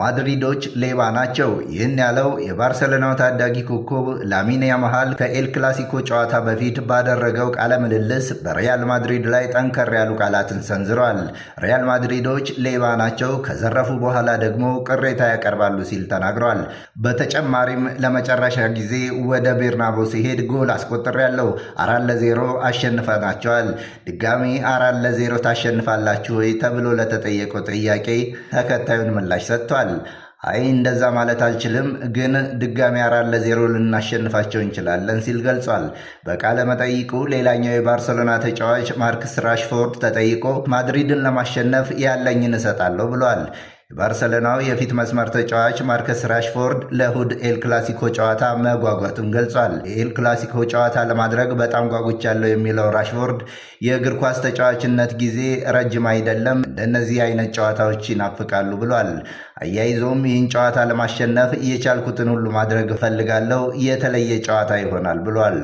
ማድሪዶች ሌባ ናቸው። ይህን ያለው የባርሰሎናው ታዳጊ ኮከብ ላሚን ያማል ከኤል ክላሲኮ ጨዋታ በፊት ባደረገው ቃለ ምልልስ በሪያል ማድሪድ ላይ ጠንከር ያሉ ቃላትን ሰንዝረዋል። ሪያል ማድሪዶች ሌባ ናቸው፣ ከዘረፉ በኋላ ደግሞ ቅሬታ ያቀርባሉ ሲል ተናግረዋል። በተጨማሪም ለመጨረሻ ጊዜ ወደ ቤርናቦ ሲሄድ ጎል አስቆጥሬያለሁ፣ አራት ለዜሮ አሸንፈናቸዋል። ድጋሚ አራት ለዜሮ ታሸንፋላችሁ ወይ ተብሎ ለተጠየቀው ጥያቄ ተከታዩን ምላሽ ሰጥቷል። ይላል። አይ እንደዛ ማለት አልችልም፣ ግን ድጋሚ አራት ለዜሮ ልናሸንፋቸው እንችላለን ሲል ገልጿል። በቃለ መጠይቁ ሌላኛው የባርሰሎና ተጫዋች ማርክስ ራሽፎርድ ተጠይቆ ማድሪድን ለማሸነፍ ያለኝን እሰጣለሁ ብሏል። ባርሰሎናው የፊት መስመር ተጫዋች ማርከስ ራሽፎርድ ለእሁድ ኤል ክላሲኮ ጨዋታ መጓጓቱን ገልጿል። የኤል ክላሲኮ ጨዋታ ለማድረግ በጣም ጓጉቻለሁ የሚለው ራሽፎርድ የእግር ኳስ ተጫዋችነት ጊዜ ረጅም አይደለም፣ እንደነዚህ አይነት ጨዋታዎች ይናፍቃሉ ብሏል። አያይዞም ይህን ጨዋታ ለማሸነፍ የቻልኩትን ሁሉ ማድረግ እፈልጋለሁ፣ የተለየ ጨዋታ ይሆናል ብሏል።